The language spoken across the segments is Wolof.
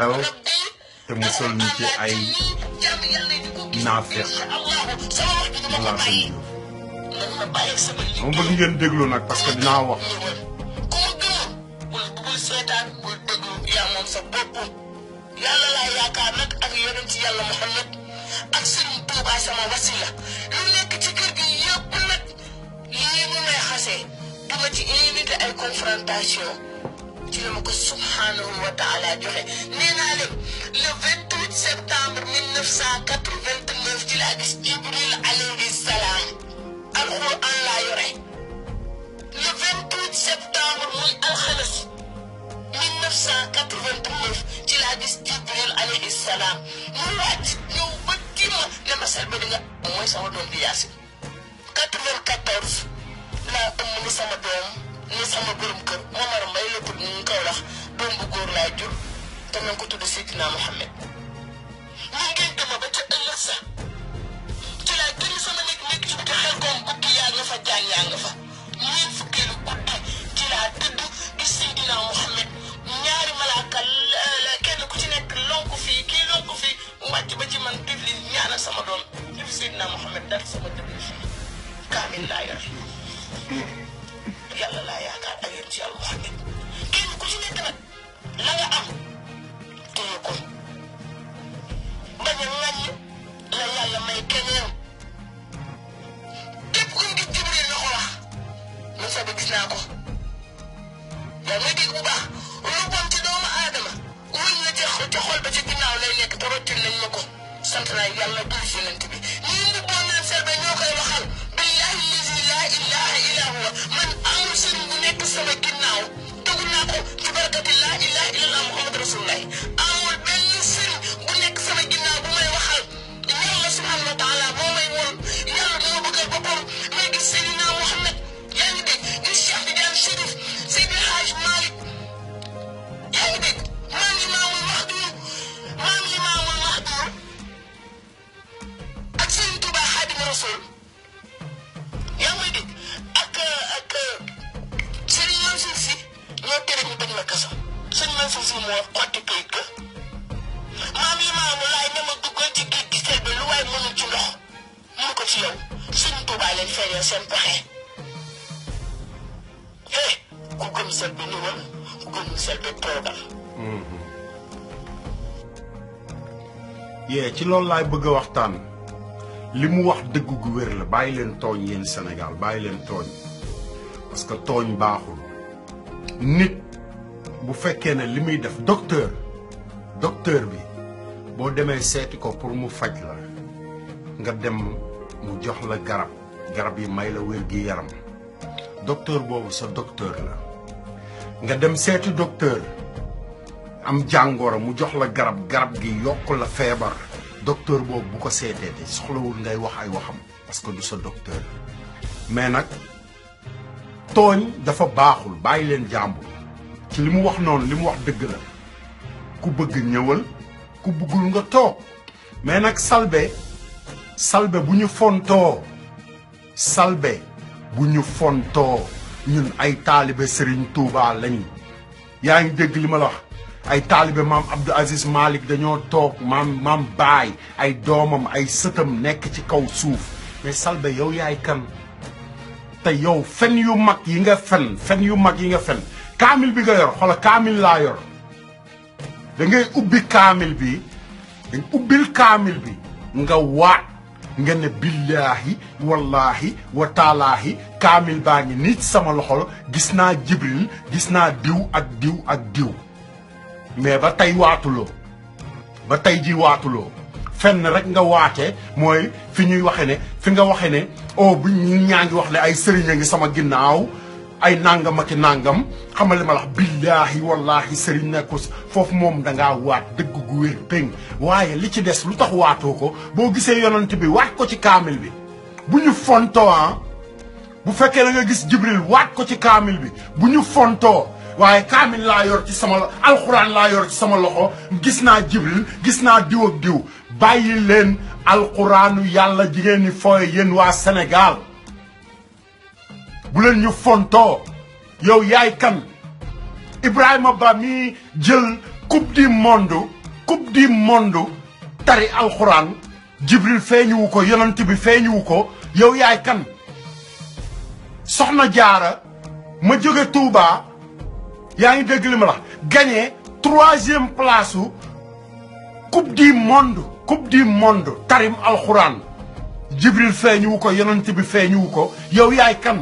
xew te mu sol ñu ci ay naafeq Lassane Diouf. moom bëgg ngeen déglu nag parce que dinaa wax. yàlla laa yaakaar nag ak yonent yàlla Muhammad ak Sëriñ Tuubaa sama wasila lu nekk ci kër gi yëpp nag lii mu may xasee duma ci invité ay confrontation ci la ma ko subhanahu wa taala joxe nee naa leen le 28 septembre 1989 ci laa gis Ibril alayhi salaam alxuraan laa yore le 28 septembre muy alxames 1989 ci laa gis Ibril alayhi salaam mu wàcc ñëw ba kii ma ne ma sel ba di nga mooy sama doom bi Yaasin 94 laa ëmb ni sama doom muy sama borom kër Momar Mbay la tudd ñu kaw lax doom bu góor laa jur te nañ ko tudd Seydina Mohamed ñu ngénte ma ba ca ëllëg sa ci laa gën sama nekk nekk ci biti xel koom bukki yaa nga fa jaan yaa nga fa may kenn ñëw képp ku ñu gis Jibril na ko wax Moussa bi gis naa ko yaa ngi dégg bu baax lu bon ci doomu aadama wuñ la ca ca xol ba ci ginnaaw lay nekk te rottil nañ ma ko sant naa yàlla dul yonent bi ñii ñu bon naan serbe ñoo koy waxal billahi lazi laa ilaaha illaa huwa man amul sëriñ bu nekk sama ginnaaw Rasoul ci ndox mënu ko ci yow sëñ Tuubaa leen seen pexe he ku gëm sel bi ñëwal ku gëm sel bi toogal mm-hmm. ci loolu laay bëgg a waxtaan li mu wax dëgg gu wér la bàyyi leen tooñ yéen Sénégal bàyyi leen tooñ parce que tooñ baaxul nit bu fekkee ne li muy def docteur docteur bi boo demee seeti ko pour mu faj la nga dem mu jox la garab garab yi may la wér gi yaram docteur boobu sa docteur la nga dem seeti docteur am jàngoro mu jox la garab garab gi yokk la feebar docteur boobu bu ko seetee te soxlawul ngay wax ay waxam parce que du sa docteur mais nag tooñ dafa baaxul bàyyi leen jàmbur ci li mu wax noonu li mu wax dëgg la ku bëgg ñëwal ku bëggul nga toog mais nag salbe salbe bu ñu fontoo salbe bu ñu fontoo ñun ay taalibe Serigne Touba lañ yaa ngi jégg li ma la wax ay taalibe maam Abdou Aziz Malick dañoo toog maam maam baay ay doomam ay sëtam nekk ci kaw suuf mais yow yaay kan te yow fen yu mag yi nga fen fen yu yi nga fen kaamil bi nga yor xoola kaamil laa yor da ngay ubbi kaamil bi dañ ubbil kaamil bi nga waat nga ne billaahi wallaahi wa taalaahi kaamil baa ngi nit sama loxo gis naa jibril gis naa diw ak diw ak diw mais ba tey waatuloo ba tey ji waatuloo fenn rek nga waate mooy fi ñuy waxe ne fi nga waxe ne o oh, bu ñaa ngi wax le ay sëriñ a ngi sama ginnaaw ay nàngam ak nàngam xamale ma lax billaahi wallaahi sëriñ nekku foofu moom dangaa waat dëgg gu wér péng waaye li ci des lu tax waatoo ko boo gisee yonent bi waat ko ci kaamil bi bu ñu ah, bu fekkee da nga gis jibril waat ko ci kaamil bi bu ñu fontoo waaye kaamil laa yor ci sama loxo gis naa jibril gis naa diw ak diw bàyyi leen alxuraanu yàlla jigéen ñi fooye yéen waa Sénégal bu leen ñu fontoo yow yaay kan Ibrahima Ba mi jël coupe du monde coupe du monde tari alxuraan jibril feeñuwu ko yonent bi feeñuwu ko yow yaay kan soxna jaara ma jóge Touba. yaa ngi dégg li ma la gagné troisième place su coupe du monde. coupe du monde Karim alxuraan Jibril feeñuwu ko yonent bi feeñuwu ko yow yaay kan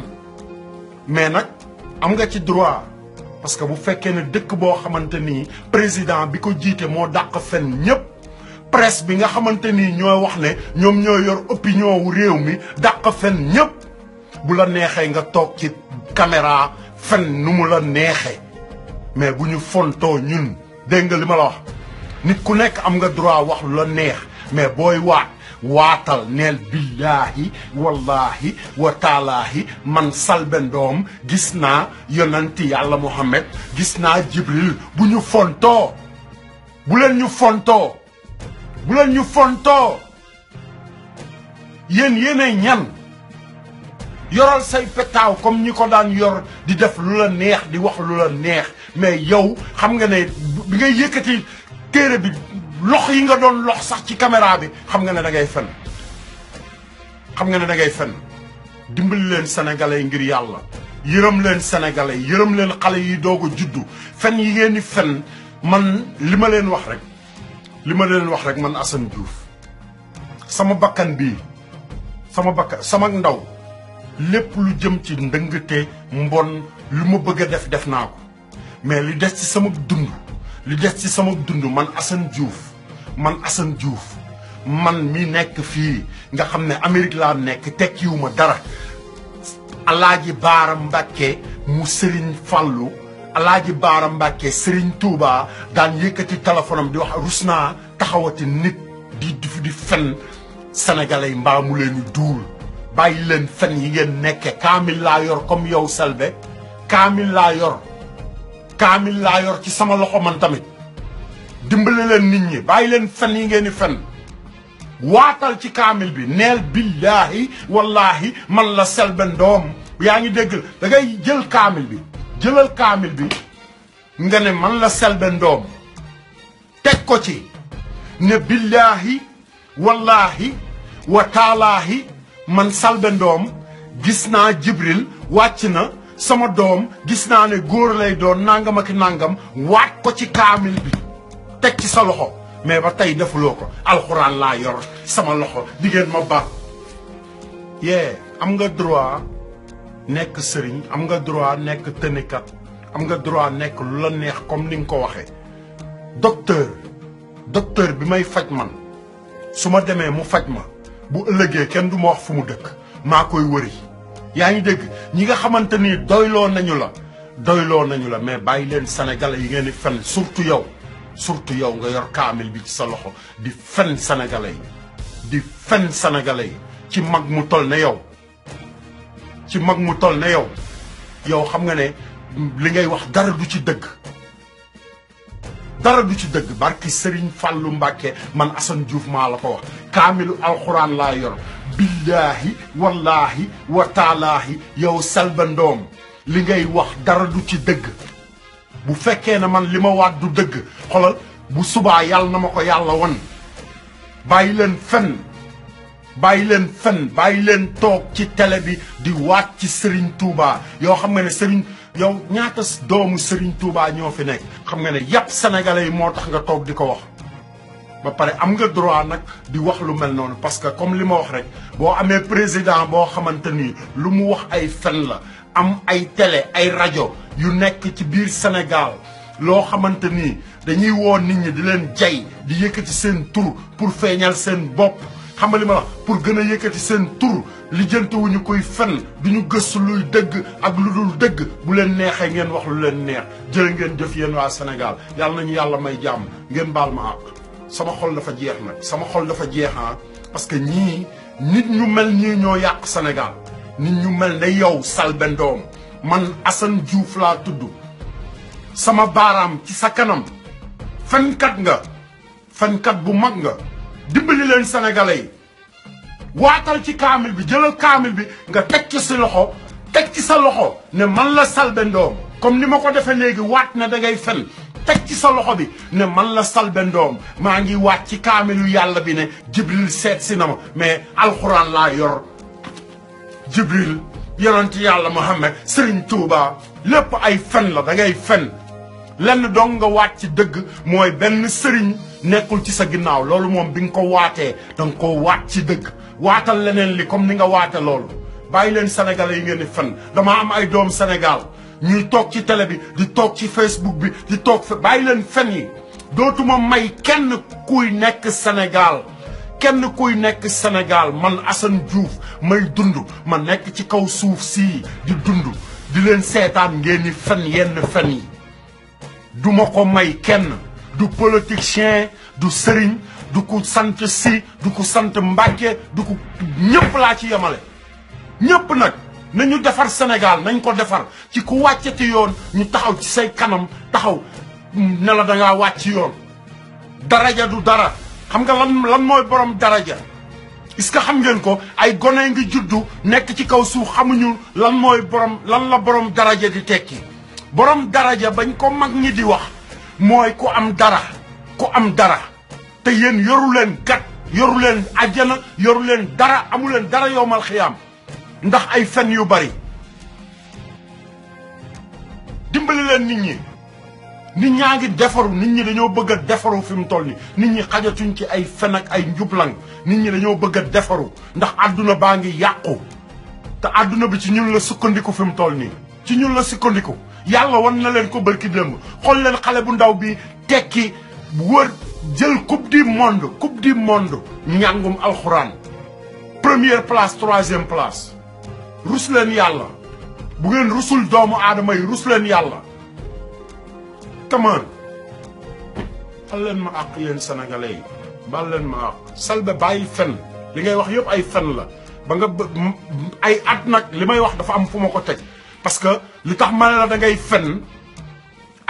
mais nag am nga ci droit parce que bu fekkee ne dëkk boo xamante ni président bi ko jiite moo dàq fen ñépp presse bi nga xamante ni ñoo wax ne ñoom ñoo yor opinion wu réew mi dàq fen ñépp bu la neexee nga toog ci caméra fen nu mu la neexee mais bu ñu fontoo ñun dégg nga li ma la wax nit ku nekk am nga droit wax lu la neex mais booy waat waatal neel billaahi wallaahi wa taalaahi man Selbé doom gis naa yonanti yàlla Muhammad gis naa Jibril bu ñu fontoo bu ñu fontoo bu ñu fontoo yéen yéenay ñan yoral say petaaw comme ñi ko daan yor di def lu la neex di wax lu la neex mais yow xam nga ne bi ngay yëkkati téere bi lox yi nga doon lox sax ci caméra bi xam nga ne dangay ngay fen xam nga ne da fen dimbali leen sénégalais ngir yàlla yërëm leen sénégalais yërëm leen xale yi doog a juddu fen yi ngeen di fen man li ma leen wax rek li ma leen wax rek man Assane Diouf sama bakkan bii sama bakkan sama ndaw lépp lu jëm ci ndëngte mbon lu ma bëgg def def naa ko mais li des ci sama dund li des ci sama dund man Assane Diouf man Assane Diouf man mi nekk fii nga xam ne Amérique laa nekk tekkiwu ma dara alaaji Baara Mbàkke mu Sëriñ Fàllu alaaji Baara Mbàkke Sëriñ Tuubaa daan yëkkati téléphonam di wax rus naa taxawati nit di di fen sénégalais mbaa mu leen duul bàyyi leen fen yi ngeen nekke kaamil laa yor comme yow Selbé kaamil laa yor kaamil laa yor ci sama loxo man tamit dimbale leen nit ñi bàyyi leen fen yi ngeen di fen waatal ci kaamil bi neel billaahi wallaahi man la Selbé Ndom yaa ngi dégg da ngay jël kaamil bi jëlal kaamil bi nga ne man la Selbé Ndom teg ko ci ne billaahi wallaahi wa taalaahi man Selbé Ndom gis naa Jibril wàcc na sama doom gis naa ne góor lay doon nangam ak nangam waat ko ci kaamil bi teg ci sa loxo mais ba tey defuloo ko alxuraan laa yor sama loxo di ngeen ma ba yee am nga droit nekk sëriñ am nga droit nekk tënikat am nga droit nekk lu la neex comme ni nga ko waxee docteur docteur bi may faj man su ma demee mu faj ma bu ëllëgee kenn du ma wax fu mu dëkk maa koy wëri yaa ngi dégg ñi nga xamante ni doyloo nañu la doyloo nañu la mais bàyyi leen sénégalais yi ngeen di fen surtout yow surtout yow nga yor kaamil bi ci sa loxo di fen sénégalais yi di fen sénégalais yi ci mag mu tol na yow ci mag mu toll ne yow yow xam nga ne li ngay wax dara du ci dëgg dara du ci dëgg barki Serigne Fallou Mbacke man Assane Diouf maa la ko wax kaamilu alxuraan laa yor billaahi wallaahi wa taalaahi yow Selbé li ngay wax dara du ci dëgg bu fekkee ne man li ma waat du dëgg xolal bu subaa yàlla na ma ko yàlla won bàyyi leen fen bàyyi leen fen bàyyi leen toog ci tele bi di waat ci Serigne Touba yoo xam nga ne Serigne yow ñaata doomu sëriñ Touba ñoo fi nekk. xam nga ne yàpp sénégalais yi moo tax nga toog di ko wax. ba pare am nga droit nag di wax lu mel noonu parce que comme li ma wax rek boo amee président boo xamante ni lu mu wax ay fen la am ay tele ay rajo yu nekk ci biir Sénégal loo xamante ni dañuy woo nit ñi di leen jay di yëkkati seen tur pour feeñal seen bopp xam nga li ma la pour gën a yëkkati seen tur ñu koy fen ñu gëstu luy dëgg ak lu dul dëgg bu leen neexee ngeen wax lu leen neex jël ngeen jëf yéen waa Sénégal yàlla nañu yàlla may jàmm ngeen baal sama xol dafa jeex nag sama xol dafa jeex ah parce que ñii nit ñu mel ñii ñoo yàq senegal nit ñu mel ne yow Selbé Ndom man Assane Diouf tudd sama baaraam ci sa kanam fenkat nga fenkat bu mag nga dimbali leen sénégalais yi waatal ci kaamil bi jëlal kaamil bi nga teg ci si loxo teg ci sa loxo ne man la Selbé Ndom comme ni ma ko defee léegi waat na da ngay fen teg ci sa loxo bi ne man la Selbé Ndom maa ngi waat ci kaamelu yàlla bi ne Jibril seet si na ma mais alxuraan laa yor Jibril yonent yàlla Muhammad Serigne Touba lépp ay fen la da ngay fen lenn dong nga waat ci dëgg mooy benn sëriñ nekkul ci sa ginnaaw loolu moom bi nga ko waatee da nga waat ci dëgg waatal leneen li comme ni nga waate loolu bàyyi leen sénégalais yi ngeen di fen dama am ay doom Sénégal ñuy toog ci tele bi di toog ci Facebook bi di toog fa bàyyi leen fen yi dootuma may kenn kuy nekk Sénégal kenn kuy nekk senegaal man Assane Diouf may dund ma nekk ci kaw suuf sii di dund di leen seetaan ngeen ni fen yenn fen yi duma ko may kenn du politicien du sëriñ du ko sant si du ko sant Mbàkke du ko ñëpp laa ci yemale ñëpp nag nañu défar Sénégal nañ ko défar ci ku ti yoon ñu taxaw ci say kanam taxaw na la da nga wacc yoon daraja du dara xam nga lan lan moy borom daraja est-ce xam ngeen ko ay gone nga juddu nek ci kaw su xamuñu lan moy borom lan la borom daraja di tekki borom daraja bañ ko mag ñi di wax moy ku am dara ku am dara te yeen yoru leen gat yoru leen yoru dara amulen dara yowmal khiyam ndax ay fen yu bari dimbali leen nit ñi nit ñaa ngi defaru nit ñi dañoo bëgg a defaru fi mu toll ni nit ñi xajatuñ ci ay fen ak ay njublang nit ñi dañoo bëgg a defaru ndax àdduna baa ngi yàqu te àdduna bi ci ñun la sukkandiku fi mu toll nii ci ñun la sukkandiku yàlla wan na leen ko bërki démb xool leen xale bu ndaw bi tekki wër jël coupe du monde coupe du monde njàngum alxuraan première place troisième place rus leen yàlla bu ngeen rusul doomu aadama yi rus leen yàlla kamaan bal leen ma àq yéen sénégalais yi bal leen ma àq Selbé bàyyi fen li ngay wax yëpp ay fen la ba nga ay at nag li may wax dafa am fu ma ko teg parce que li tax ma ne la da ngay fen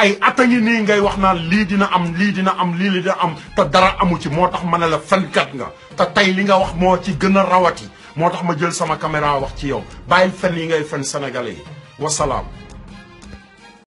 ay at a ngi nii ngay wax naan lii dina am lii dina am lii dina am te dara amu ci moo tax ma ne la fenkat nga te tey li nga wax moo ci gën a rawati moo tax ma jël sama caméra wax ci yow bàyyil fen yi ngay fen sénégalais yi wasalaam